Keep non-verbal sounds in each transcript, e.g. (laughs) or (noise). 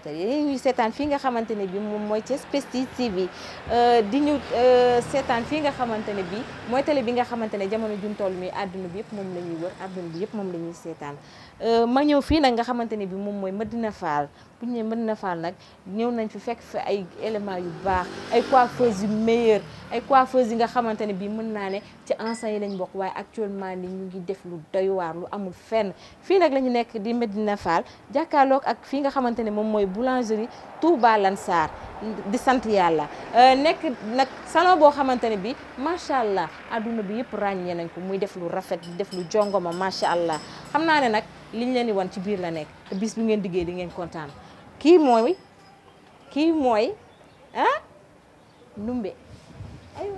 te yi seetaan fii nga xamante ne bi moom mooy Thiès Prestige TV euh, di ñu euh, seetaan fii nga xamante ne bi mooy télé bi nga xamante ne jamono jun toll mi àdduna bi yëpp moom la ñuy wër àdduna bi yëpp moom la ñuy seetaan euh, ma ñëw fii nag nga xamante ne bi moom mooy dina Fall puñ ñu nee mën na faal nag ñëw nañ fi fekk fi ay éléments yu baax ay coiffeuses yu meilleures ay coiffeuses yi nga xamante ne bii mën naa ne ci anciens yi lañ bokk waaye actuellement ni ñu ngi def lu doy lu amul fenn fii nag la ñu nekk di Medina Fall jàkkaarloog ak fii nga xamante ne moom mooy boulangerie Touba saar di sant yàlla euh, nekk nag salon boo xamante ne bii macha allah adduna bi yëpp ràññee nañ ko muy def lu rafet di def lu jongoma macha allah xam naa ne nag liñ leen di wan ci biir la nekk te bis ngeen diggee di ngeen kontaan. kii mooy kii mooy ah Ndumbe aywa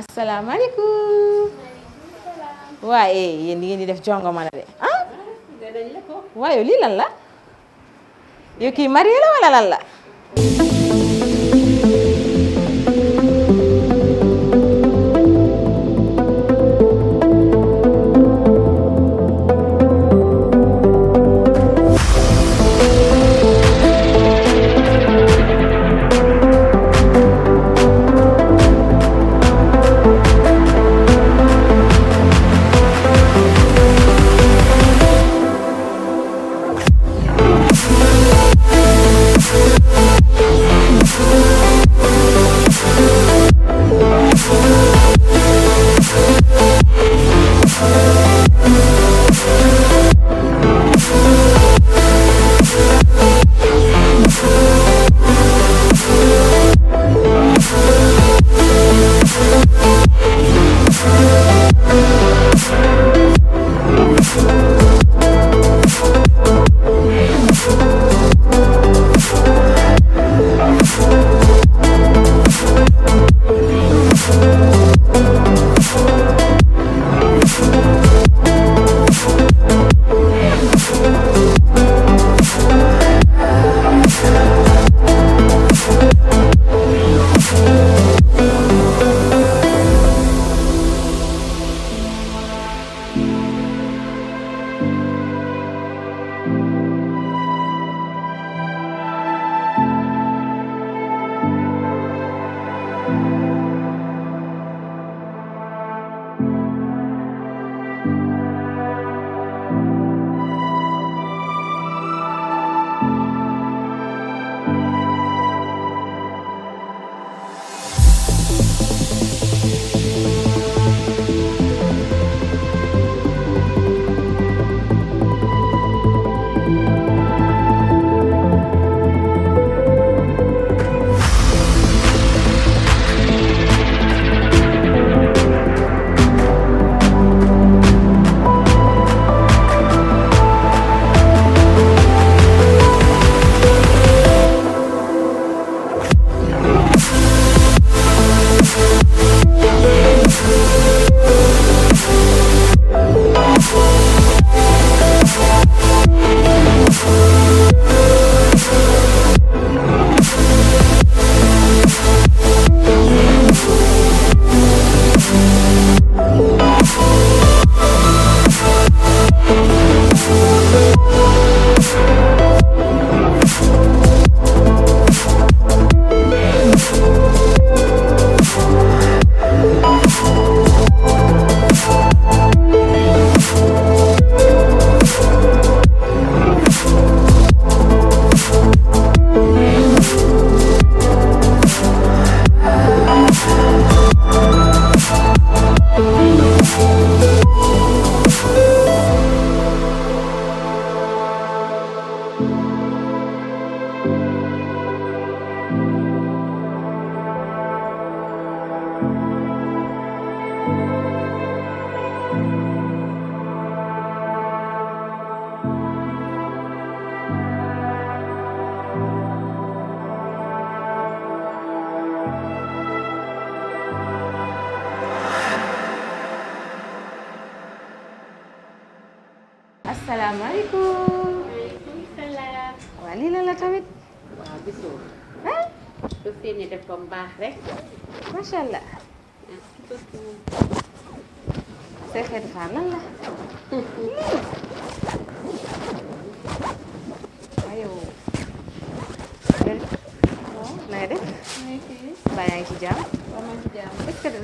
asalaamaaleykum waaye eh, yéen di ngeen di def jongoma la de ah waaye kii marié la wala la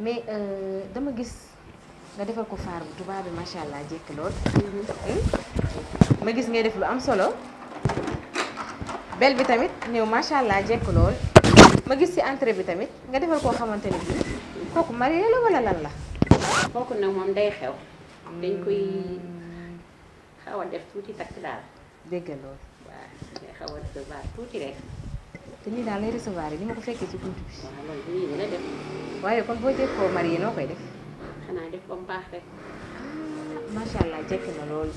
mais euh, dama gis nga defal ko faar bu tubaab bi macha allah jekk lool. Hmm? ma gis ngay def lu am solo. bel bi tamit ñëw macha allah jekk lool. ma gis ci entrée bi tamit nga defal koo xamante ne bii kooku marié la wala lan la. kooku nag moom day xew. dañ koy hmm. xaw a def tuuti takk daal. dégg lool waaw day xaw a def tuuti rek. te nii daal lay recevoir yi ni ma ko fekkee ci buntu bi. waaw loolu nii def. waaye kon boo jékkoo mari yi noo koy def. xanaa def baax macha allah jekk na loolu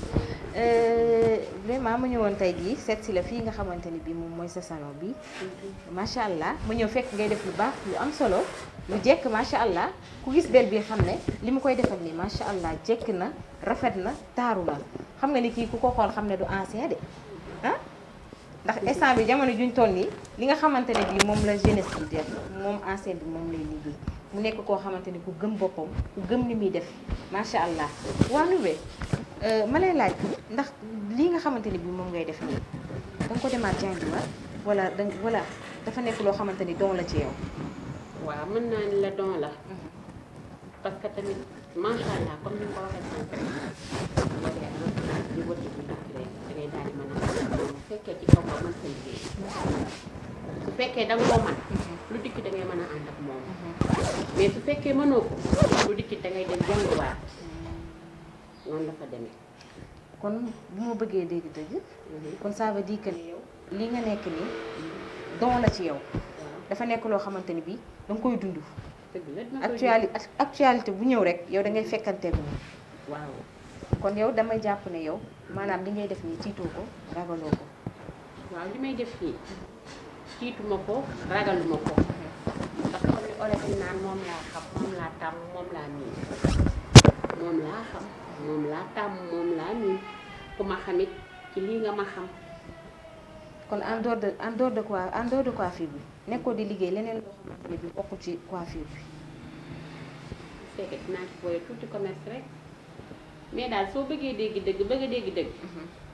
mu ñëwoon tey jii seet si la fii nga xamante ni bii moom mooy sa salon bi macha allah mu ñëw fekk ngay def lu baax lu am solo lu jekk macha allah ku gis bel bi xam ne li mu koy defal nii macha allah jekk na rafet na taaru na xam nga ni kii ku ko xool xam ne du ancien de ah. ndax instant bi jamono juñ toll nii li nga xamante ne bii moom la jeunesse bi def moom ancien bi moom lay liggéey mu nekk koo xamante ni ku gëm boppam ku gëm li muy def macha allah waa Ndoubé euh, ma lay laaj ndax lii nga xamante ni bii moom ngay def nii da nga ko demaat jàngiwaat wala da wala dafa nekk loo xamante ni don la ci yow. waaw mën naa ni la don la. Mhm. ko waxee fekkee ci su fekkee da nga koo lu dikk da ngay mën a ànd ak moom mais su fekkee mënoo ko lu dikk da dem jàngiwaat la fa kon bu ma bëggee dégg dëgg mhm. kon ça veut yow li nga nekk nii don la ci yow dafa nekk loo xamante ni bii da koy dund actuali bu ñëw rek yow da ngay fekkanteeg moom waaw kon yow damay jàpp ne yow maanaam li ngay def nii tiitoo ko ragaloo ko waaw li may def fii tiituma ko ragaluma ko ndax comme li olof yi naan moom laa xam moom laa tàmm moom laa miin ku ma xamit ci lii nga ma xam kon en dehors de en dehors de quoi bi nekkoo di liggéey leneen loo xamante ne bi bokku ci coiffure bi fekkee dinaa ci booyee tuuti commerce rek mais daal soo bëggee dégg dëgg bëgg a dégg dëgg mhm.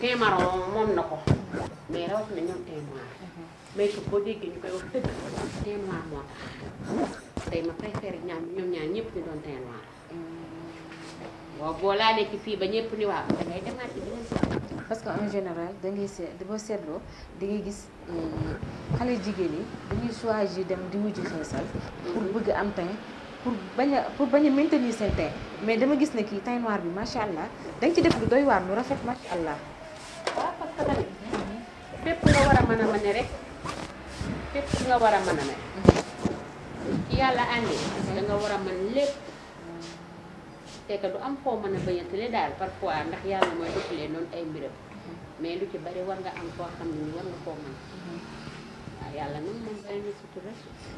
thym marron moom na ko mais rawatina ñoom thym noir mais que boo déggee ñu koy wax dëgg thym noir moo tax tey ma préféré ñaar ñoom ñaar ñëpp ñu doon thym noir waaw boo laalee ci fii ba ñëpp ni waaw dangay parce que en général da ngay seet boo seetloo da ngay gis eh, xale jigéen yi dañuy yi dem di wujji xeesal pour bëgg am teint pour bañ a pour bañ a maintenir seen teint mais dama gis ne kii teint noir bi macha allah dañ ci def lu doy waar lu rafet macha allah. waaw parce que nga war a mën a mën rek fépp nga war a mën a mën yàlla àndee da war a mën lépp te que du am foo mën a bëyantale daal parfois ndax yàlla mooy dëppalee noonu ay mbiram mais lu ci bari war nga am foo xam ne ni war nga koo mën waaw yàlla nag moom bari na sutura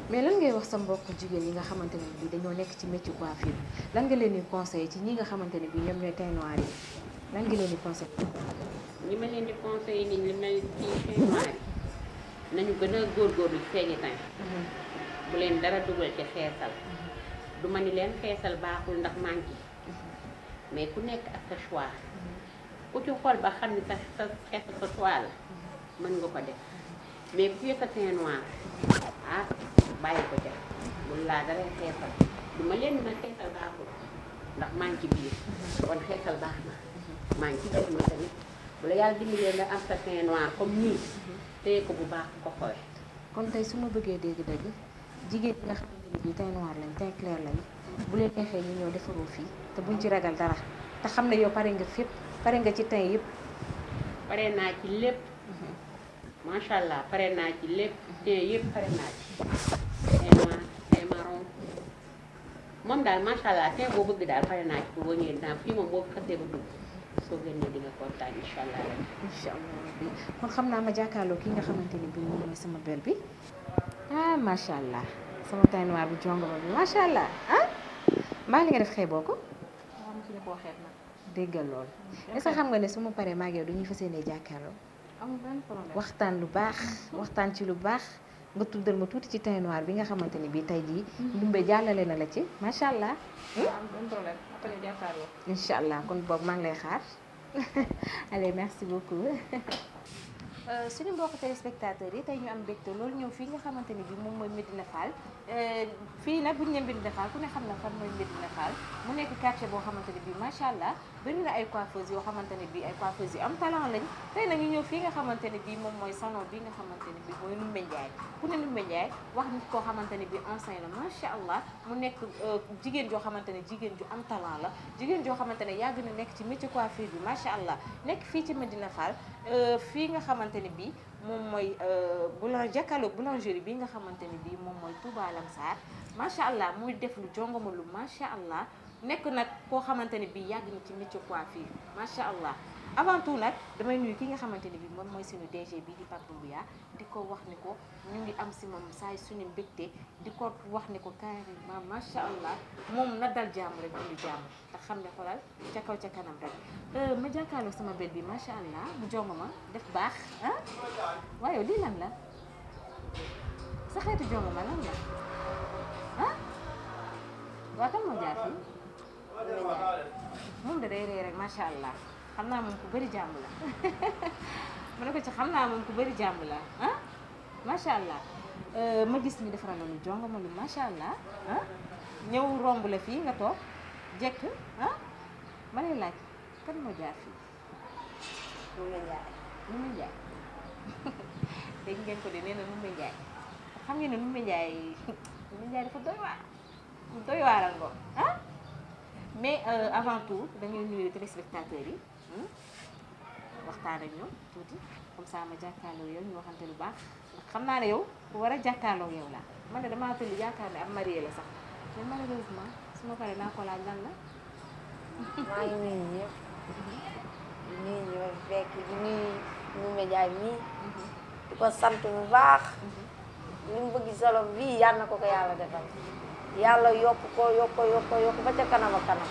mais lan ngay wax sa mbokk jigéen yi nga xamante ne bi dañoo nekk ci métier coiffure lan nga leen di conseillé ci ñi nga xamante ne bi ñoom ñooy teint noir yi lan nga leen di conseillé li ma leen di conseillé nii li ma ci feeñwaay nañu gën a góorgóorlu ci seeni temps mm-hmm. bu leen dara dugal ci xeesal mm-hmm. du ma ni leen xeesal baaxul ndax manqué mais ku nekk ak sa choix mm-hmm. ku ci xool ba xam ni sa xeesal sa choix la mën nga ko def mais ku sa teint noir ah, bàyyi ko ca bul laa dara xeesal du ma leen na xeesal baaxul ndax manqué biir kon xeesal baax na manqué biir ma tamit bu la yàlla dimbalee nga am patin noir comme nii mhm. téye ko bu baax ko xoolee. kon tey su ma bëggee dégg-dégg jigéen ñi nga xamante ne bii teint noir lañ teint clair lañ bu leen neexee ñu ñëw defaroo fii te buñ ci ragal dara te xam ne yow pare nga fépp pare nga ci teint yëpp. pare naa ci lépp. Mhm. macha allah pare naa ci lépp mhm. teint yëpp pare naa ci. moom daal macha allah tey boo bëgg daal pare naa ci boo ñëwee daal fii moom boo xasee ba dugg kon xam naa ma jàkkaarloo kii nga xamante ni bii moom sama bel bi ah macha allah sama teint noir bu jongo ba bi macha allah ah mbaa li nga def xeeboo ko. déggal lool mm, est-ce xam nga ne su ma paree maa ngi yow dañuy fas yéene jàkkaarloo. waxtaan lu baax (laughs) waxtaan ci lu baax. nga tuddal ma tuuti ci teint noir bi nga xamante ni bii tey jii. Hmm. jàllale na la ci macha allah. Hmm? Ah, incha allah kon boog maa ngi lay xaar. (laughs) allez merci beaucoup. (laughs) Euh, suñu mbokk téléspectateurs yi tey ñu am mbégte loolu ñëw fii nga xamante ni bii moom mooy Medina Fall euh, fii nag bu ñu nee Medina Fall ku ne xam na fan mooy Medina Fall mu nekk quartier boo xamante ni bii macha allah bëri ay coiffeuses yoo xamante ne bii ay coiffeuses yu am talent lañ tey nag ñu ñëw fii nga xamante ne bii moom mooy salon bi nga xamante ne bii mooy Ndoumbé Ndiaye ku ne Ndoumbé wax koo xamante ne bii enseigne la macha allah mu nekk euh, jigéen joo xamante ne jigéen ju am talent la jigéen joo xamante ne yàgg na nekk ci métier coiffure bi macha allah nekk fii ci Medina Fall euh, fii nga xamante ne bii moom mooy euh, boulangerie jàkkaarloog boulangerie bi nga xamante ne bii moom mooy Touba Lamsar macha allah muy def lu jongoma lu allah. nek nak ko xamanteni bi yag yàgg na ci métier coiffure allah avant tout nak damay nuyu ki nga xamanteni bi mom moy DG bi di Pape buya di wax ni ko ñu ngi am ci mom say suñu mbekté di wax ni ko carrément allah mom na dal jàmm rek Takham jàmm te xam nga xolal ca kaw ca kanam rek euh, ma sama bët bi allah bu jomama def baax ah wayo di lan la sa xéetu jomama lan la ah wa tam kan mo jaar moom da day ree rek macha allah xam naa moom ku bëri jàmm la (laughs) ma ne ko ci xam naa moom ku bari jàmm la ah macha allah euh, ma gis ni defaral na lu jonga lu macha allah ah ñëw romb la fii nga toog jekk ah ma lay laaj kan moo fii. Mouma Ndiaye. Mouma Ndiaye dafa doy waar doy waaral ko mais euh, avant tout dañuy nuyu téléspectateurs yi hmm? waxtaan ak tuuti comme ça ma jàkkaarloo yow ñu waxante lu baax xam naa ne yow ku war a jàkkaarloo yow laa man de damaa tëdd yaakaar ne am la sax mais malheureusement su ma paree naa ko laaj lan la. maa ngi nuyu ñëpp. di fekk di nuyu ñu média mii. di ko sant bu baax. Mhm. li mu bëgg solo bii yàlla na ko ko yàlla defal. yàlla yokk ko yokk ko yokk ba ca kanam kanam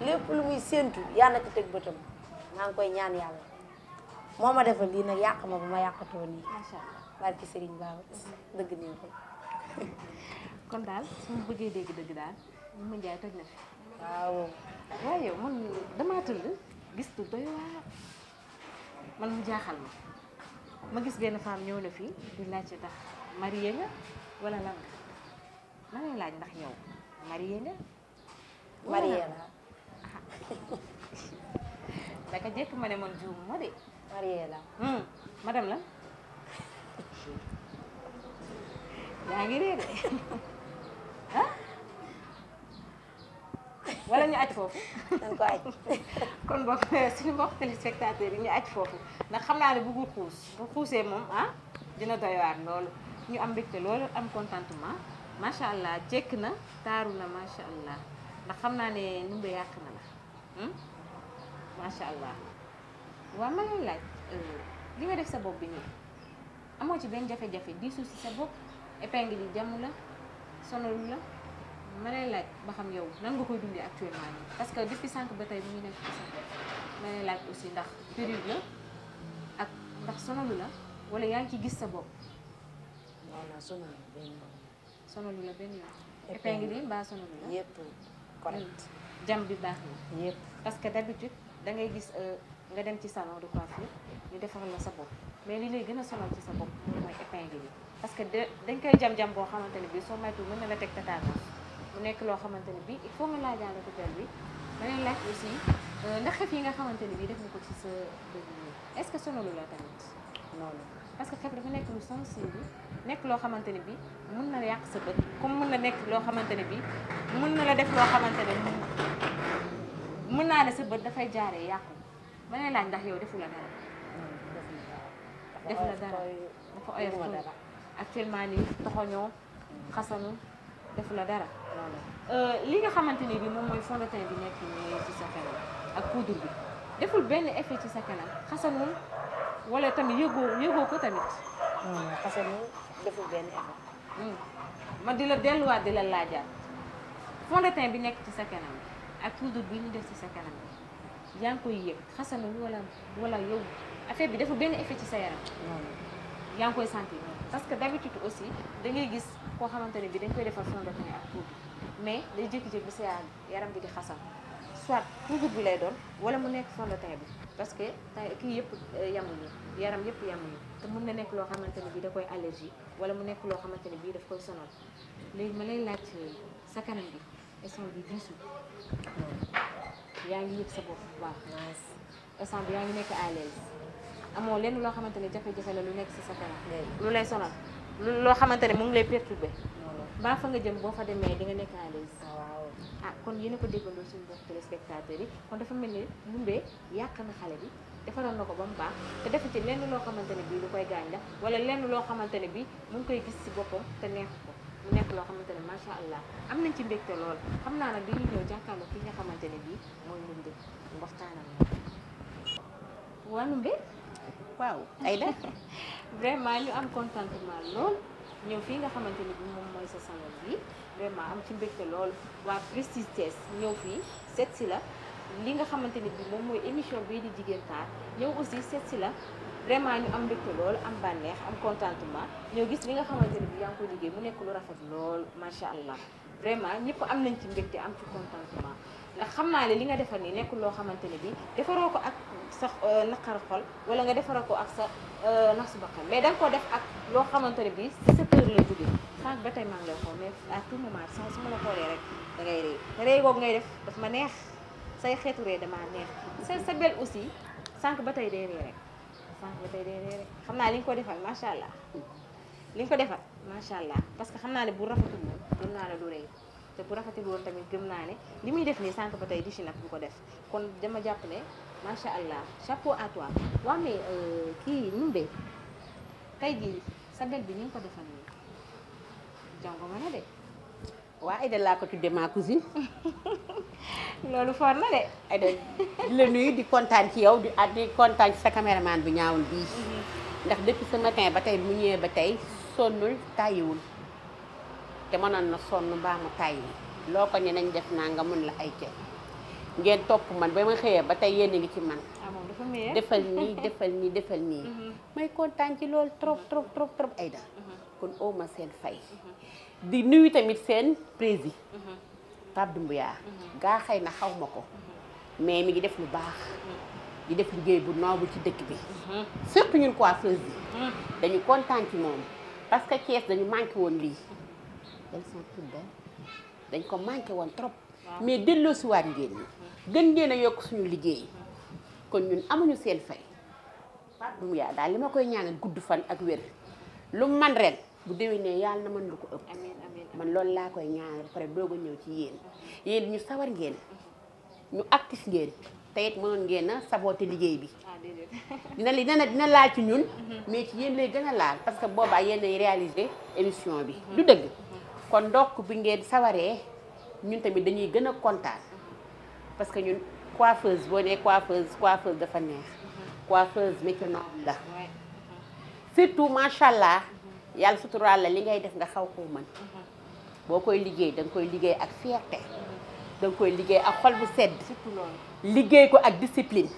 lépp lu muy séentu yàlla ci teg bëtam maa ngi koy ñaan yàlla moo ma defal lii nag yàq ma ba ma yàqatoo nii macha allah barki Serigne Baba dëgg nii ko (laughs) kon daal su ma bëggee dégg dëgg daal mu njaay toj na fi waaw waaye man damaa tëdd gis lu doy waar man mu jaaxal ma ma gis benn femme ñëw na fii di laajte tax marié nga wala lan ma lay laaj ndax yow marié nga. marié naa naka jekk ma ne man juum ma de. marié la. madame la. yaa ngi réer de ah. wala ñu aj foofu. dañ ko aj kon boog suñu mbokk téléspectateurs yi ñu aj foofu ndax xam naa ne bu xuus bu xuusee moom ah dina doy waar loolu ñu am mbégte loolu am contentement. macha allah jekk na taaru na macha allah ndax xam naa ne numbe yàq na hmm? ma lay laaj euh, nga def sa bopp bi amoo ci benn jafe-jafe diisu sa bopp épingle yi jàmm la sonalu la ma laaj ba xam yow nan nga koy dundee actuellement nii parce que depuis sànq ba tey mu ngi nekk aussi ndax période la ak ndax sonalu la wala yaa ngi ci gis sa bopp. sonalu la benn yoon. épingle yi mbaa sonalu la. yëpp correct. jam bi baax na. yëpp parce que d'habitude da ngay gis euh, nga dem ci salon de coiffure ñu defaral la sa bopp mais li lay gën a sonal ci sa bopp moom mooy épingle yi. parce que de dañ koy jam-jam boo xamante ne bii soo moytuwul mën na la teg tataanu mu nekk loo xamante ne bii il faut nga laajaale ko bel bi ma leen laaj aussi euh, ndax xef yi nga xamante ne bii def nga ko ci sa déglu est-ce que sonalu la tamit noonu. parce que xepp dafa nekk lu sensible bi nekk loo xamante ne bii mun na yàq sa bët comme mun na nekk loo xamante ne bii mun na la def loo xamante ne mun naa ne sa bët dafay jaaree yàqu ma lay laaj ndax yow defu la dara. def la dara dafa oyof dara actuellement nii toxoñoo xasanu defu la dara. li nga xamante ne bii moom mooy fond de teint bi nekk nii ci sa kanam ak poudre bi deful benn effet ci sa kanam xasanul. wala tamit yëgoo yëgoo ko tamit. Hmm, parce que deful benn effort. Hmm. ma di la delluwaat di la laajaat fond de teint bi nekk ci sa kanam ak poudre bi ñu def ci sa kanam yaa ngi koy yëg xasanu wala wala yow affaire bi dafa benn effet ci sa yaram. Hmm. yaa ngi koy sentir parce que d'habitude aussi da ngay gis koo xamante ne bi dañ koy defar fond de teint ak poudre mais day jékki-jékki sa yaram bi di xasan soit poudre bi lay doon wala mu nekk fond de teint bi. parce que kii yëpp eh, yamuñu yaram yëpp yamuñu te mun na nekk loo xamante ne bii da koy allergie wala mu nekk loo xamante ne bii daf koy sonal léegi ma lay laaj eh, sa kanam bi instant bi diisul yaa ngi yëg sa bopp bu baax instant bi yaa ngi nekk à l'aise lenn loo xamante ne jafe-jafe la lu nekk si sa kanam lu lay sonal loo xamante ne mu ngi lay perturbé baax fa nga jëm boo fa demee di nga nekk à ah kon yéen a ko déggandoo suñu mbokk téléspectateurs yi kon dafa mel ni Ndoumbe yàq na xale bi defaral na ko ba mu baax te def ci lenn loo xamante ne bii lu koy gaañ la wala lenn loo xamante ne bii mu koy gis ci boppam te ko mu nekk loo xamante ne macha allah am nañ ci mbégte lool xam naa nag dañuy ñëw jàkkaarloo nga xamante ne bii mooy Ndoumbe waxtaanam waa Ndoumbe waaw (laughs) Aïda vraiment ñu am contentement lool ñëw fii nga xamante ne moom mooy sa salon bi vraiment am ci mbégte lool waa Prestige Thiès ñëw fii seet la li nga xamanteni bi mom moy émission bi di Jigéen Tar ñëw aussi seet si la vraiment ñu am mbégte lool am banex am contentement ñeu gis li nga xamanteni bi yaa ngi koy liggéey mu nekk lu rafet lool macha allah vraiment ñepp am nañ ci mbégte am ci contentement ndax xam li nga defar ni nekk loo xamante ni bi défaroko ak sax euh, naqar xol wala nga defara ko ak sa euh, nafsu bakkan mais da nga ko def ak loo xamante ne bii si sa kër la jógee sànq ba tey maa ngi lay xool mais à tout moment saa su ma la xoolee rek da ngay rey rey googu ngay def daf ma neex say xeetu ree damaa neex sa sa bel aussi sànq ba tey day ree rek sànq ba tey day xam naa li nga ko defal macha allah li nga ko defal macha allah parce que xam naa ne bu rafetul woon naa ne du rey te bu rafetul woon tamit gëm naa ne li muy def nii sànq ba tey di si nag bu ko def kon dama jàpp macha allah chapeau à toi mais euh, kii ñu de tey jii sa bel bi ñu ngi ko defal nii jongo ma na de. waaw Aïda laa ko tuddee ma cousine. (laughs) loolu for na de. Aïda di la nuyu di kontaan ci yow di at ah, di kontaan ci sa caméraman bu ñaawul bii. Mm-hmm. ndax depuis ce ba tey mu ñëwee ba tey sonnul tayiwul te mënoon na sonn mbaa mu tàyyi loo ko ne nañ def naa nga mun la ay ceeb. ngeen topp man ba ma xëyee ba tey yéen a ngi ci man ah, defal nii defal nii defal nii (laughs) mhm. may kontaan ci loolu trop trop trop ay Aïda mhm. kon oo ma seen fay mhm. di nuyu tamit seen prési Pape Doumbouya gaa xëy na xaw ma ko mais mi ngi def lu baax di def liggéey bu noobu ci dëkk bi surtout ñun coiffeuse yi dañu kontaan ci moom parce que Thiès dañu manqué woon lii elles sont toutes belles dañ ko manqué woon trop mais delloo si waat ngeen ñi gën ngeen a yokk suñu liggéey kon ñun amuñu seen fay mu daal li ma koy ñaanal gudd fan ak wér lu man ren bu déwénee yàlla na mën lu ko ëpp man loolu laa koy ñaanal pare a ñëw ci yéen yéen ñu sawar ngeen ñu actif ngeen te it mënoon ngeen a saboté liggéey bi ah, (laughs) dina li dina dina ci ñun mais ci yéen gën a laal parce que boobaa yéen ay réaliser émission bi lu mm-hmm. dëgg mm-hmm. kon ndokk bi ngeen sawaree ñun tamit dañuy gën a kontaan parce que ñun coiffeuse boo nee coiffeuse coiffeuse dafa neex. Mm-hmm. coiffeuse métier noble la. surtout macha allah yàlla suturaal la li ngay def nga xaw koo mën. Mm-hmm. boo koy liggéey da koy liggéey ak fierté. Mm-hmm. da koy liggéey ak xol bu sedd. liggéey ko ak discipline.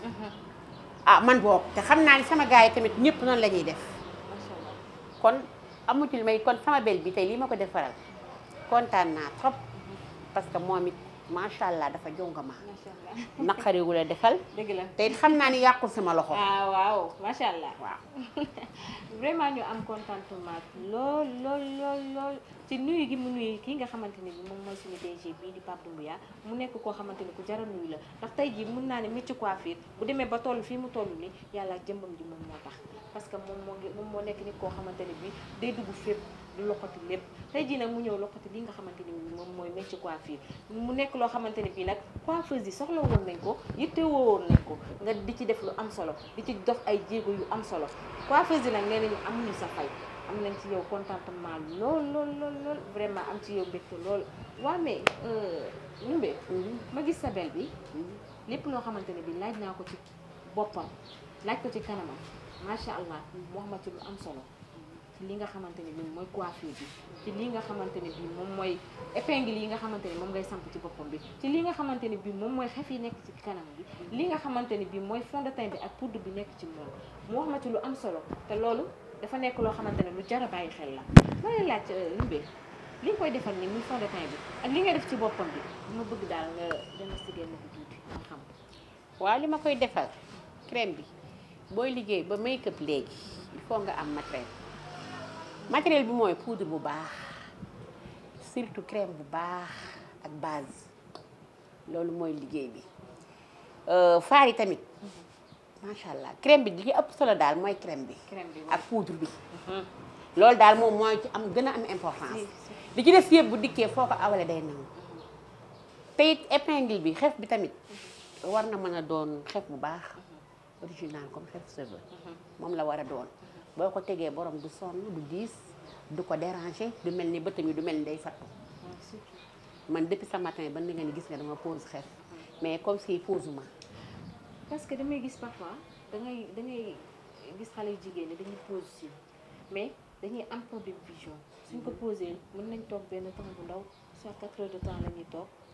ah man boo te xam naa ni sama gars yi tamit ñëpp noonu la ñuy def. kon amu ci lu may kon sama bel bi tey lii ma ko defaral kontaan naa trop parce que moom it. macha allah dafa jongama. macha allah (laughs) naqariwu la defal. dëgg la te it xam naa ni yàqul sama loxo. Ah, waaw macha allah. waaw (laughs) vraiment ñu am contentement lool lool lool lool ci nuyu gi mu nuyu kii nga xamante ne bi moom mooy suñu DG bii di Pape Doumbouya mu nekk koo xamante ne ku jar nuyu la ndax tey jii mun naa ne métti coiffure bu demee ba toll fii mu toll ni yàlla jëmbam ji moom moo tax parce que moom moo moo nekk nit koo xamante ne bi day dugg fépp. du loxoti lépp tey jii nag mu ñëw loxoti li nga xamante ni moom mooy métti coiffure mu nekk loo xamante ni bii nag coiffeuse yi soxla woon nañ ko yitte woon nañ ko nga di ci def lu am solo di ci dox ay jéego yu am solo coiffeuse yi nag nee nañu amuñu sa fay am nañ ci yow contentement lool lool lool lool vraiment am ci yow mbégte lool waaw mais euh, mm-hmm. ma gis sa bel bi mm-hmm. lépp loo xamante ne bi laaj naa ko ci boppam laaj ko ci kanamam macha allah mu wax ma ci lu am solo ci li nga xamante ne bii mooy coiffure bi ci li nga xamante ne bii moom mooy épingle yi nga xamante ne moom ngay samp ci boppam bi ci li nga xamante ne bii moom mooy xef yi nekk ci kanam bi li nga xamante ne bii mooy fond de teint bi ak poudre bi nekk ci moom mu wax ma ci lu am solo te loolu dafa nekk loo xamante ne lu jar a bàyyi xel la ma lay laaj Roubé euh, li nga koy defal nii muy fond de teint bi ak li nga def ci boppam bi ma bëgg daal nga démasquer ma ko tuuti nga xam waaw li ma koy defal crème bi booy liggéey ba make-up léegi il faut nga am matériel matériel bi moy poudre bu baax surtout crème bu baax ak base loolu moy liguey bi euh fari tamit machallah crème bi li ëpp solo dal moy crème bi. ak poudre bi. loolu dal mom moy ci am gëna am importance. li ci def yeb bu dikkee foko awale day nang tayit épingle bi xef bi tamit warna mëna doon xef bu baax original comme xef cheveux mom la wara doon. boo ko tegee borom du sonn du diis du ko déranger du mel ni bëtam yi du mel ni day fattu man depuis ce matin ba ni nga ni gis nga dama pose xel mais comme si pose ma parce que damay gis parfois dangay dangay gis xale yu jigéen ñi dañuy pose si mais dañuy am problème vision suñ ko posé mun nañ toog benn temps bu ndaw soit quatre heures de temps la ñuy toog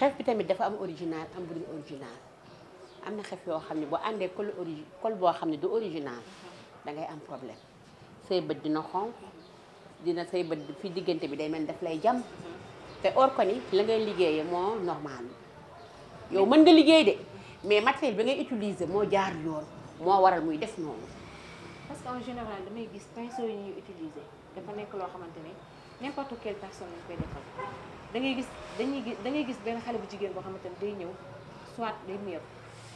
xef bi tamit dafa am original am bu dul original am na xef yoo xam ne boo àndee col origi col boo xam ne du original da ngay am problème say bët dina xonq dina say bët fi diggante bi day mel daf lay jam te or ko ni la ngay liggéeyee moo normal yow mën nga liggéey de mais matériel bi ngay utiliser moo jaar yoon moo waral muy def noonu. parce que en général damay gis pinceau yi ñuy utiliser dafa nekk loo xamante ne n'importe quelle personne lañ koy defal. da ngay gis dañuy gis da gis benn xale bu jigéen boo xamante ne day ñëw soit day meeku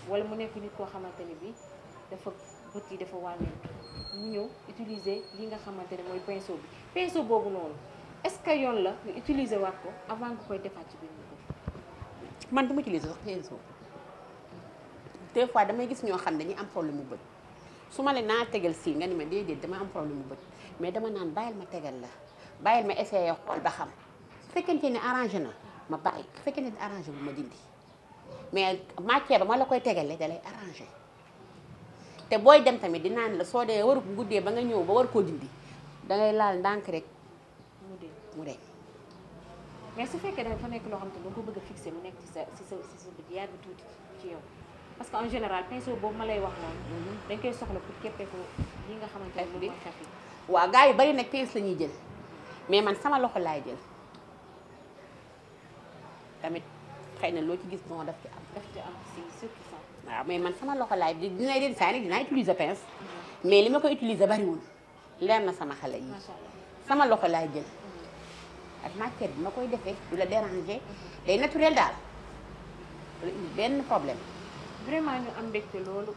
wala mu nekk nit koo xamante ne bi dafa bët yi dafa wàññeeku mu ñëw utiliser li nga xamante ne mooy pinceau bi pinceau boobu noonu est-ce que yoon la nga utiliser waat ko avant nga koy defaat ci biir ko man du ma utiliser sax pinceau des fois damay gis ñoo xam ne dañuy am problème mu bët su ma leen naa tegal si nga ni ma déedéet dama am problème mu bët mais dama naan bàyyil ma tegal la bàyyil ma essayé xool ba fekkente ne arrangé na ma bàyyi fekkente ne arrangé bu ma dindi mais matière ba ma la koy tegale da lay arrangé té boy dem tamit dinaa la soo dee waru goudé ba nga ñëw ba war ko dindi da ngay laal ndànk rek mu dee mu dee mais su fekkee dafa fa loo lo te da ko bëgg a fixé mu nekk ci sa ci sa ci sa bët bu tuuti ci yow parce que en général pinceau boobu ma lay wax non mhm. dañ koy soxla pour képpé ko yi nga xamante ne mu di xef yi bari nag pince lañuy jël mais man sama loxo laay jël tamit xëy na loo ci gis bon daf ci am. daf waaw mais man sama loxo laay dina den saa yi dinaa utiliser pince. Mm-hmm. mais li ma ko utiliser bariwul leer na sama xale yi. sama loxo laay jël. ak matière bi ma koy defee du la déranger mm-hmm. day naturel daal benn problème. vraiment ñu am mbégte loolu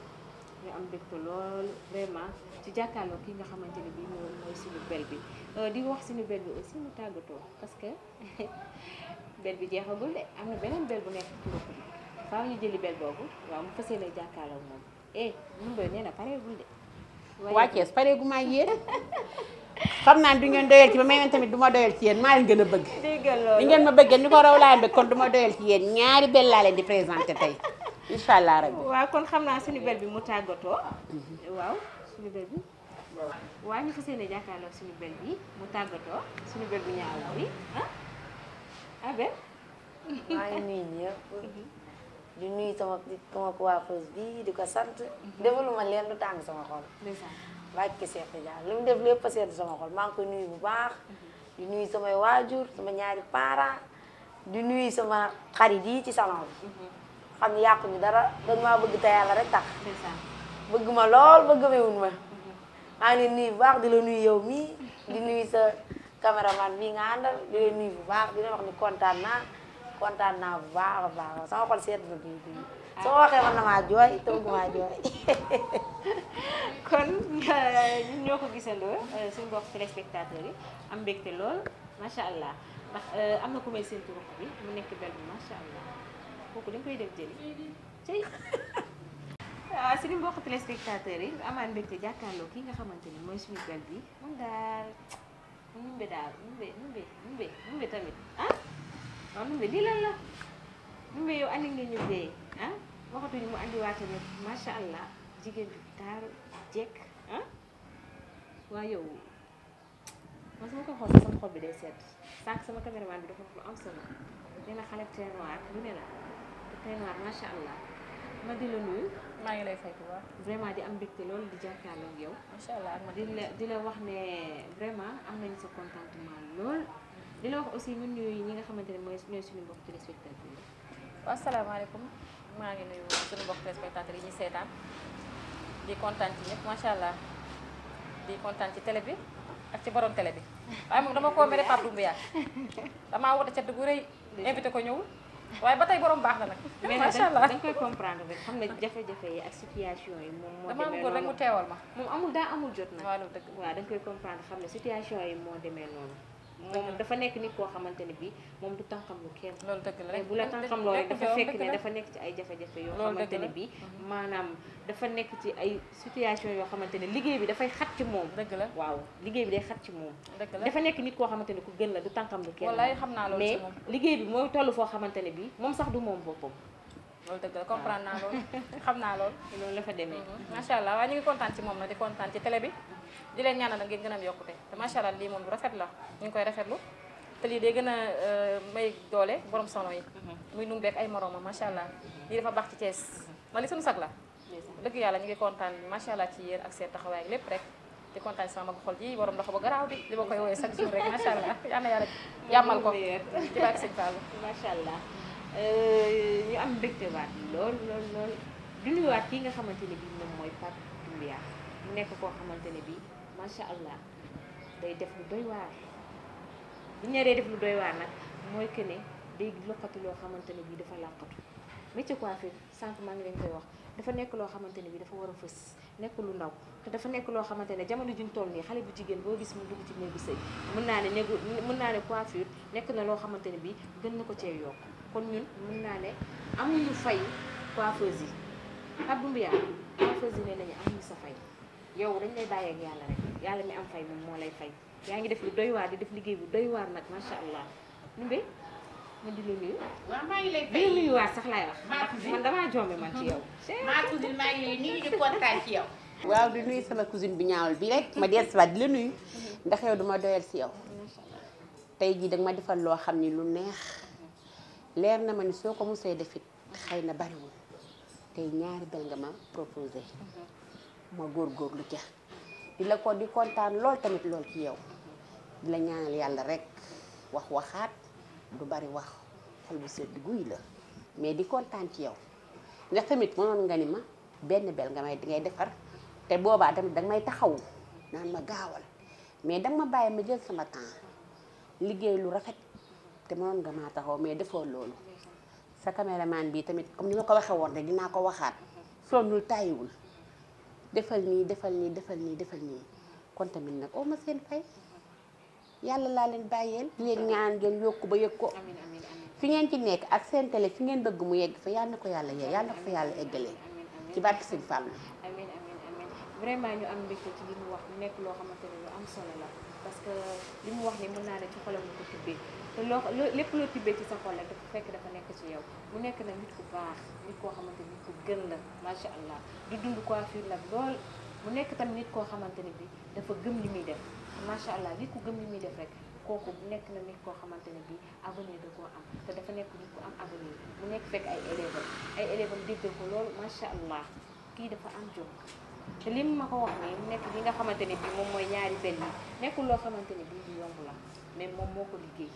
ñu am mbégte loolu vraiment ci jàkkaarloo ki nga xamante ni bii mooy suñu bel bi euh, di wax suñu bel bi aussi mu tàggatoo parce que. (laughs) bel bi jeexagul de am na beneen bel bu nekk ci bopp bi faaw ñu jëli bel boobu waaw mu fas yéene jàkkaarloo moom eh mun doy nee na pareegul xam naa du ngeen doyal ci ba may tamit ma doyal ci yéen maa gën a bëgg. di ngeen ma bëggee ko raw laa bëgg kon ma doyal ci yéen ñaari bel di présenté tey incha allah rabbi. kon xam naa suñu bel bi mu tàggatoo. waaw suñu bel bi. waaw ñu fas jàkkaarloo suñu bel bi mu tàggatoo suñu bel bu ñaaw bi ah. Abel. Ah maa ngi nuyu ñëpp. Mhm. di nuyu sama sama coiffeuse bi di ko sant. Mhm. ma leen lu tàng sama xol. bàkki Cheikh Tidiane lu mu def lépp a sedd sama xol maa ngi koy nuyu bu baax. Mhm. di nuyu samay waajur sama ñaari parents di nuy sama xarit yi ci salon bi. xam ne yàquñu dara dañ bëgg te yàlla rek tax. bëgg ma lool ba gëmewuñ ma. maa ngi nuyu bu baax di la nuyu yow mii di nuyu sa. caméraman mi nga àndal di leen nuyu bu baax di leen wax ni kontaan naa kontaan naa bu baax a baax sama xol seet na bii bii so waxee man damaa jooy toogumaa jooy. kon ñun eh, ñoo ko gisandoo eh, suñu mbokk téléspectateur yi am mbégte lool macha allah ndax eh, am anu na ku may séntu wax bi mu nekk bel bi macha allah kooku dañ koy def jëli cey. (laughs) waaw suñu mbokk téléspectateur yi amaan mbégte jàkkaarloo ki nga xamante ni mooy suñu bel bi moom daal. ಬಿಡ ನುಂಬೆ ನುಂಬೆ ನುಂಬೆ ನುಂಬೆ tamit ah waaw ನುಂಬೆ lii lan la ನುಂಬೆ yow ah waxatuñu mu andi waate nag macha allah jigéen ju taaru ah waa yow man sama ko sama xol bi day sedd sànq sama caméraman bi dafa lu am solo nee na xale tey noir maa ngi lay fay bu vraiment di am mbégte loolu di jàkkaarloo ak yow. macha allah di la di la wax ne vraiment am nañu sa contentement lool. di la wax aussi ñun ñuy ñi nga xamante ne mooy ñooy suñu mbokk téléspectateurs yi. waaw salaamaaleykum maa ngi nuyu suñu mbokk téléspectateurs yi ñu seetaan di kontaan ci macha allah di kontaan ci télé bi ak ci borom télé bi waaye moom dama koo mere Pape Doumbia damaa woote ca dugg rëy te ko ñëw waaye ba tey borom baax na nag. macha allah mais dañ koy comprendre rek xam ne jafe-jafe yi ak situation yi moom moo demee noonu rek mu teewal ma. moom amul daa amul jot nag. waaw dëgg waaw dañ koy comprendre xam ne situation yi moo demee noonu. moom dafa nekk nit koo xamante ne bii moom du tànkam lu kenn loolu dëgg la bu la tànkam loo dafa fekk dafa nekk ci ay jafe-jafe ne bii maanaam dafa nekk ci ay situation yoo xamante ne liggéey bi dafay xat moom dëgg la waaw liggéey bi day xat ci dëgg dafa nekk nit koo xamante ne ku gën la du tànkam lu kenn wallaay xam naa loolu mais liggéey bi mooy toll foo xamante ne bii moom sax du moom boppam loolu dëgg la comprendre naa loolu (laughs) xam naa loolu loolu la fa demee mhm. macha allah waaye ñu ngi kontaan ci moom na di kontaan ci télé bi di leen ñaanal ngeen gën a am yokkute te macha allah lii moom lu rafet la ñu ngi koy rafetlu te lii day gën a euh, may doole borom sono yi mhm. muy num ay moroomam macha allah lii dafa baax ci Thiès mhm. man li suñu sag la dëgg yàlla ñu ngi kontaan macha allah ci yéen ak seen taxawaay lépp rek di kontaan sama mag xol yi borom loxo ba garaaw bi li ma koy woowee chaque jour rek macha allah (laughs) yal na yàlla yàmmal ko ci baax sëñ Fall (laughs) macha allah euh, ñu am mbégte waat lool lool lool kii nga xamante ne mooy Pape Doumbia nekk koo xamante ne bii macha allah day def lu doy ñaree def lu doy nag mooy que ne day lokkati loo xamante ne bii dafa làqatu métier coiffure sànq maa ngi lañ koy wax dafa nekk loo xamante ne bii dafa war a fës nekk lu ndaw te dafa nekk loo xamante ne jamono juñ toll nii xale bu jigéen boo gis mu dugg ci néegu sëy mën naa ne néegu mën naa ne coiffure nekk na loo xamante ne bii gën na ko cee yokk kon ñun mun naa ne amuñu fay coiffeuse yi ab dumbiyaa coiffeuse yi ne nañu amuñu sa fay yow dañ lay baye ak yalla rek yalla mi am fay mom mo lay fay ya ngi def lu doy war di def liggéey bu doy war nak ma sha allah ñu be ma di la nuyu. waaw maa ngi lay fay di la nuyuwaat sax lay wax. man dama joome man ci yow. (laughs) maa cousine ma ngi lay nuyu di kontaan ci yow. waaw di nuyu sama cousine bi ñaawal bi rek ma dess si di la nuyu ndax yow duma doyal ci yow tay ji dag ma defal lo xamni lu neex leer na ma ni soo ko defit xeyna bari bariwul tay ñaari bel nga ma proposé mhm. ma góorgóorlu ca di la ko di kontaan lool tamit lool ci yow di la ñaanal yàlla rek wax waxaat du bari wax xol bu sedd guy la mais di kontaan ci yow ndax tamit mënoon nga ni ma benn bel nga may ngay defar te boobaa tamit danga may taxawul naan ma gaawal mais danga ma bàyyi ma jël sama temps liggéey lu rafet te mënoon nga maa taxaw mais defoo loolu sa caméraman bii tamit comme ni ma ko waxee woon rek dinaa ko waxaat sonnul tàyyiwul defal nii defal nii defal nii defal nii kon tamit nag oo ma seen fay yàlla laa leen bàyyeel di leen ñaan ngeen yokk ba yëg ko fi ngeen ci nekk ak seen télé fi ngeen bëgg mu yegg fa yàlla na ko yàlla yee yàlla na ko fa yàlla eggalee ci barke sëñ Fall vraiment ñu am mbégte nekk loo xamante ne solo parce que li mu wax ni mën naa ne ci xolam ko tubbee te loo lépp loo tibbee ci sa xol la dafa fekk dafa nekk ci yow mu nekk nag nit ku baax nit koo xamante nit ku gën la macha allah du dund coiffure nag lool mu nekk tam nit koo xamante ni bi dafa gëm li muy def macha allah nit ku gëm li muy def rek kooku nekk na nit koo xamante ne bii avenir da koo am te dafa nekk nit ku am avenir mu nekk fekk ay élèves ay élèves déggal ko loolu macha allah kii dafa am jom te li ma ko wax nii mu nekk li nga xamante ne bii moom mooy ñaari bel yi nekkul loo xamante ne bii di yomb la mais moom moo ko liggéey.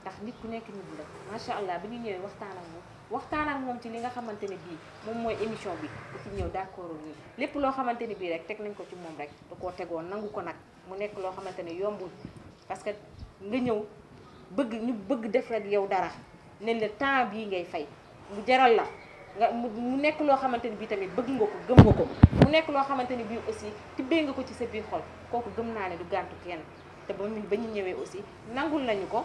ndax nit ku nekk nit la macha allah bi ñu ñëwee waxtaan ak moom waxtaan moom ci li nga xamante ne bii moom mooy émission bi ku ci ñëw d'accord nii lépp loo xamante ne bii rek teg nañ ko ci moom rek da koo tegoon nangu ko nag mu nekk loo xamante ne yombul parce que nga ñëw bëgg ñu bëgg def rek yow dara ne la temps bii ngay fay mu jaral la nga mu nekk loo xamante ni bii tamit bëgg nga ko gëm nga ko mu nekk loo xamante ni bii aussi tibbee nga ko ci sa biir xol kooku gëm naa ne du gàntu kenn te ba ba ñu ñëwee aussi nangul nañu ko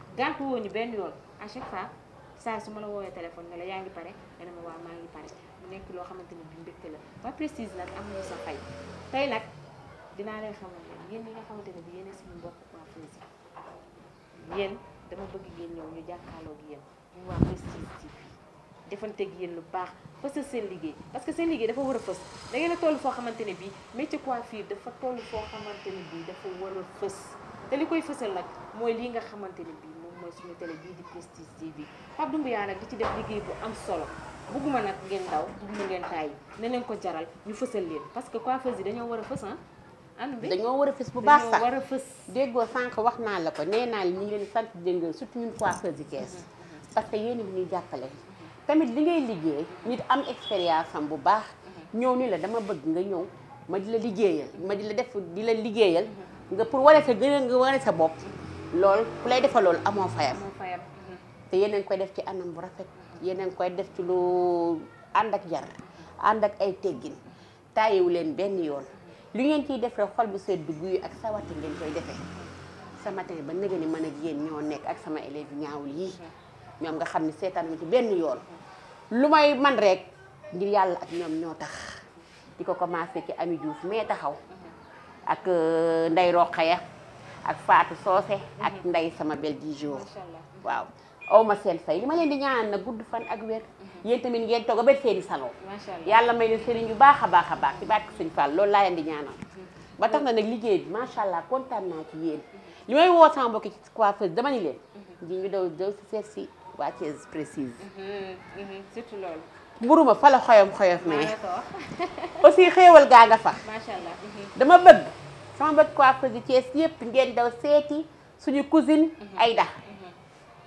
gàntu woo ñu benn yoon à chaque fois saa su ma la woowee téléphone ne la yaa ngi pare nga ma wa maangi ngi pare mu nek lo xamanteni bi mbégte la ba Prestige nak am nañu sa fay tay nak dina lay xamal yeen yi nga xamanteni bi yene suñu mbokk ko Prestige yeen dama bëgg yeen ñew ñu jàkkaarloo ak yéen ñu waa Prestige TV defante ak yeen lu baax fësal seen liggéey parce que seen liggéey dafa war a fës da ngay la tollu fo xamanteni bi bii métier coiffure dafa toll foo xamante ne bii dafa war a fës te li koy fësal nag mooy lii nga xamanteni bi suñu télé bii di Prestige TV Pape Doumbia nag di ci def liggéey bu am solo bugguma nag ngeen daw bugguma ngeen tàyyi ne leen ko jaral ñu fësal leen parce que coiffeuse yi dañoo war a fës ah. dañoo war a fës bu baax sax war a fës déggoo sànq wax naa la ko nee naa li ñu leen sant dénga surtout ñun coiffeuse yi kees mm-hmm, mm-hmm. parce que yéen bi ñuy jàppale tamit li ngay liggéey nit am expérience am bu baax mm-hmm. ñëw ni la dama bëgg nga ñëw ma di la liggéeyal ma di la def di la liggéeyal nga pour wane sa gën a nga sa bopp loolu ku lay defa lool amoo fayam mhm. te yéen koy def ci anam bu rafet yéen koy def ci lu ànd ak jar ànd ak ay teggin taayewu leen benn yoon lu ngeen ciy defee xol bu sedd guy ak sawati ngeen koy defee sama tey ba nëgë ni mën ak yéen ñoo nekk ak sama élèves ñaawul yii mhm. ñoom nga xam ni seetaan ma ci benn yoon lu may man rek ngir yàlla ak ñoom ñoo tax di ko commencé ci Ami juuf mais taxaw mhm. ak euh, Ndey Roqaya ak Fatou Socé ak mhm. Ndeye sama belle dix jours waaw aw ma seen fay li ma leen di ñaan na gudd fan ak wér mhm. yéen tamit ngeen toog a bet seen i yàlla may leen sëriñ yu baax a baax a baax ci barke Sëñ Fall loolu laa leen di ñaanal mhm. ba tax na nag liggéey bi macha allah kontaan naa ci yéen li may woo sama mbokki ci coiffeuse dama ni leen di si waa Thiès précise surtout loolu mburuma fa la xoyom xoyof ne aussi xéewal gaa nga fa macha dama bëgg sama bët coiffeuse yi Thiès yëpp ngeen daw seeti suñu cousine mhm. ayda mhm.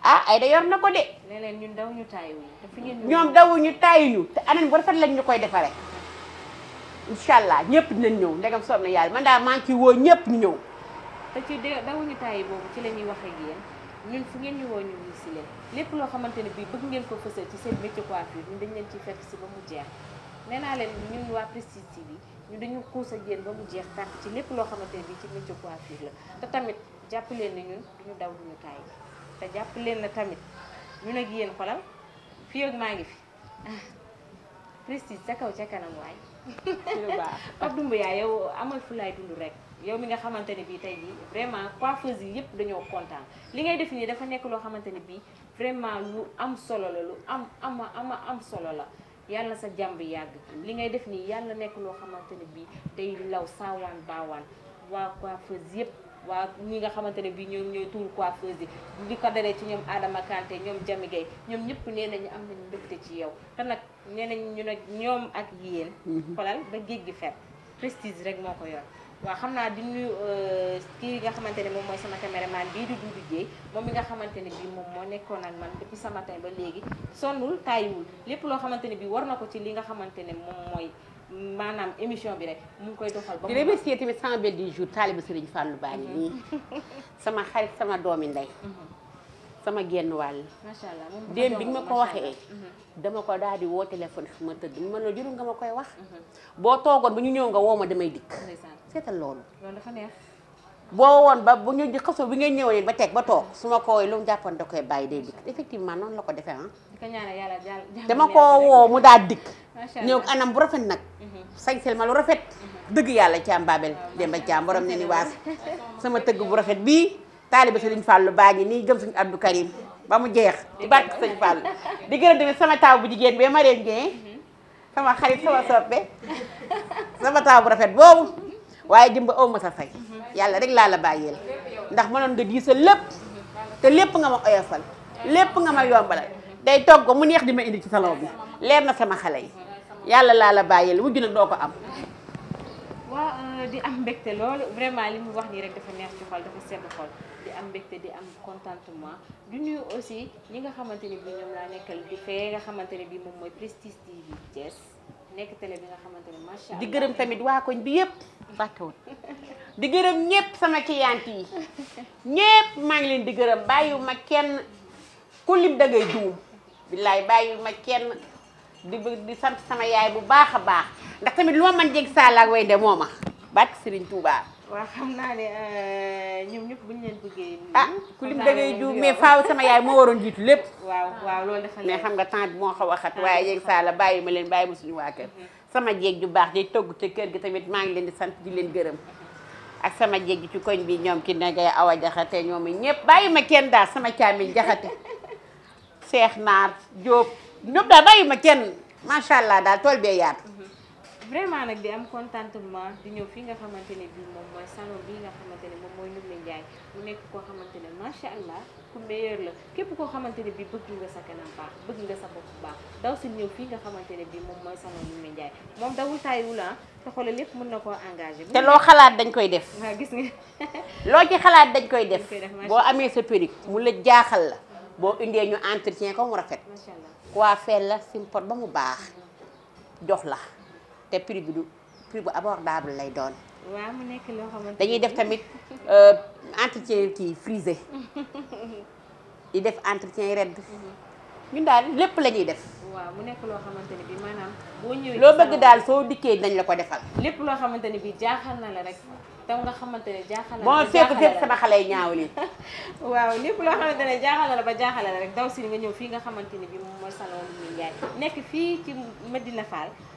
ah ayda yor na ko de. leneen ñun daw ñu taayuñu. dafa ñoom daw ñu taayuñu te anam bu rafet lañ ñu koy defaree. Mhm. incha allah ñëpp dinañ ñëw ndegam soob na yàlla man daa maa ngi woo ñëpp ñu ñëw. te ci dawuñu taayi boobu ci la ñuy wax ak ñun fu ngeen ñu woo ñu si leen lépp loo xamante ne bii bëgg ngeen ko fësal ci seen métier coiffure ñun dañ leen ciy fekk si ba mu jeex. nee naa leen ñun waa Prestige TV ñu dañu xuus ak yéen ba mu jeex tàkk ci lépp loo xamante ne bii ci métier coiffure la te tamit jàpp leen na ñun duñu daw duñu taay te jàpp leen na tamit ñun ak yéen xolal fii ak maa ngi fi (laughs) Prestige ca kaw ca kanam waay. (laughs) lu baax (laughs) Pape Doumbouya yow amal fu dund rek yow mi nga xamante ne bii tey jii vraiment coiffeuse yi yëpp dañoo kontaan li ngay def nii dafa nekk loo xamante ne bii vraiment lu am solo la lu am ama ama am solo la. yàlla sa jàmb yàgg li ngay def nii yàlla nekk loo xamante ne bii day law saawaan baawaan waa coiffeuse yëpp waa ñi nga xamante ne bii ñoom ñooy tuur coiffeuse yi li ko dalee ci ñoom aadama Kanté ñoom Jami ñoom ñëpp nee nañu am nañu mbégte ci yow te nag nee nañ ñu nag ñoom ak yéen. Mm-hmm. xolal ba géej gi fet prestige rek moo ko yor. waaw xam naa di nuyu euh, kii nga xamante ne moom mooy sama caméraman bii di Doudou Dieye moom mi nga xamante ne bii moom moo nekkoon ak man depuis ce matin ba léegi sonnul tàyyiwul lépp loo xamante ne bii war na ko ci li nga xamante ne moom maanaam émission bi rek mu ngi koy doxal ba mu. di remercier tamit sama belle du jour taaliba Serigne Fallou Ba nii mm-hmm. sama xarit sama doomi ndey. Mm-hmm. sama genn wàll. macha allah démb bi nga ma ko waxee. Mm-hmm. dama ko daal di woo téléphone ma tëdd ma ne la juru nga ma koy wax. boo toogoon ba ñu ñëw nga woo ma damay dikk. seetal lool loolu dafa neex. Kan boo ya? woon ba bu ñu xasoo bi ngeen ñëwee ba teg ba toog suma ko woowee lu mu jàppoon da koy bàyyi day dikk effectivement noonu la ko defee ah. di ko ñaanal yàlla dama ko woo mu daal dikk. ñëw anam bu rafet nag. Mhm. sañsel ma lu rafet. Mhm. dëgg yàlla caam baabel Demba Caam borom ne ni waas (laughs) sama tëgg bu rafet bii taaliba Sëriñ Fàllu baa ngi nii gëm suñu Abdou Karim ba mu jeex di barke Sëriñ Fàllu di gërëm tamit sama taw bu jigéen bi Mariam Gueye mhm. sama xarit sama soppe sama taw bu rafet boobu waaye jëmba aw ma sa fay yàlla rek laa la bàyyeel ndax mënoon nga diisal lépp te lépp nga ma oyofal lépp nga ma yombalal day togg mu neex di ma indi ci salon bi leer na sama xale yi yàlla laa la bàyyeel wujju nag doo ko am waaw euh, di am mbégte loolu vraiment li mu wax nii rek dafa neex ci xol dafa sedd xol di am mbégte di am contentement du nuyu aussi ñi nga xamante ni bi ñoom laa nekkal di fee nga xamante ne bi moom mooy Prestige TV Thiès nekk télé bi nga xamante ne macha di gërëm tamit waa koñ bi yëpp fàttewul di gërëm ñëpp sama client yi ñëpp maa ngi leen di gërëm bàyyiwu ma kenn ku lim da ngay juum billaay bàyyiwu ma kenn di di sant sama yaay bu baax a baax ndax tamit lu ma mën jeg saalaak way de moo ma barke Serigne Touba. waaw xam naa ne euh, ñoom ñëpp ñu leen bëggee. ah ku lim dangay juum mais faaw sama yaay moo waroon jiitu lépp. waaw waaw loolu dafa mais xam nga temps moo xaw a xat waaye yeeg saa bàyyi ma leen bàyyi ma suñu waa kër. Mm-hmm. sama jeeg ju baax di togg te kër gi tamit maa ngi leen di sant di leen gërëm. ak sama jeeg ji ci koñ bi ñoom ki ne ngay a jaxate ñoom ñëpp bàyyi ma kenn daal sama càmmiñ jaxate. (laughs) seex naar jóob ñoom daal bàyyi ma kenn macha allah daal tool vraiment nak di am contentement di ñeu fi nga xamantene ne mom moy salon bi nga xamantene ne moy mooy Ndoumbé jaay mu nekk ko xamantene ne sha allah ku meilleur la kep ko xamantene ne bëgg nga sa kanam baax bëgg nga sa bopp baax daw su ñeu fi nga xamante ne bii moom mooy salon Ndoumbé Ndiaye moom dawul taayiwul la ah, sa xol lepp mën nako engager engagé. te loo xalaat dañ koy def. ma gis nga. (laughs) lo ci xalaat dañ koy def. bo amé sa perruque mu la jaaxal la. bo indé ñu entretien ko mu rafet. sha allah coiffé la simpot ba mu baax jox la te prix bi du prix bu abordable lay doon. waaw mu nekk loo xamante dañuy def tamit (laughs) euh, entretien kii frisé (laughs) di def entretien red. Mhm. ñun daal lépp la ñuy def. waaw mu nekk loo xamante boo ñëwee. loo bëgg daal soo dikkee nañ la ko defal. lépp loo xamante ne bi jaaxal na la rek. taw nga xamante ne jaaxal na la ba jaaxal la xale yi ñaaw li (laughs) waaw lépp loo xamante ne jaaxal na la ba jaaxal la rek daw si nga ñëw fii nga xamante ne bi moom mooy salon Loumy Ndiaye nekk fii ci Medina Fall.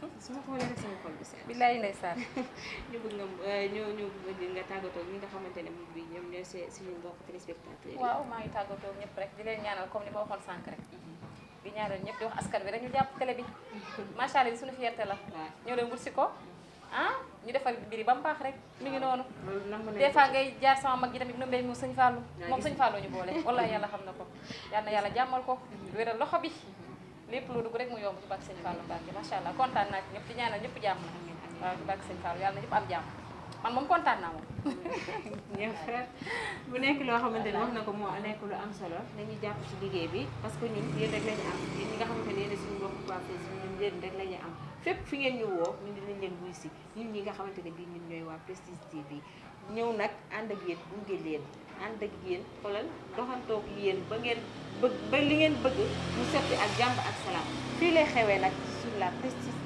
su ma xoolee rek bi seen billaay ndeysaan (laughs) ñu bëgg nga euh, ñu ñu bëgg nga xamante ne moom bi ñoom ñooy see suñu mbokk téléspectateurs yi waaw maa ngi tàggatoo ñëpp rek di leen ñaanal comme ni ma waxoon sànq rek mm-hmm. di ñaanal ñëpp di wax askan bi rek ñu jàpp télé bi (laughs) macha allah suñu fierté la ñoo leen wut si ko ah ñu defar mbir yi ba mu baax rek mu ngi noonu des fois ngay jaar sama mag ji tamit nu mbéy moom sëñ Fallou moom sëñ Fallou ñu boole (laughs) wallaay yàlla xam na ko yal yàlla jàmmal ko mm-hmm. loxo bi mm-hmm. lépp lu dugg rek mu yomb ci bàkk sëñ Fallou Mbacke macha allah kontaan naa ci ñëpp di ñaanal ñëpp jàmm na waaw ci bàkk sëñ yàlla na ñëpp am jàmm man moom kontaan naa moom. bu (laughs) nekk loo xamante ne wax na ko moo nekk lu am solo nañu jàpp ci liggéey bi parce que ñun yéen rek la ñu am yéen ñi nga xamante ne yéen suñu mbokku waa Fessi ñun yéen rek la am fépp fi ngeen ñu woo ñun dinañ leen wuy si ñun ñi nga xamante ne bii ñun ñooy waa Prestige TV ñëw nag ànd ak yéen gunge leen ànd ak yéen xoolal doxantoog yéen ba ngeen bëgg ba li ngeen bëgg mu sotti ak jàmm ak salaam fii lay xewee nag sur la prestige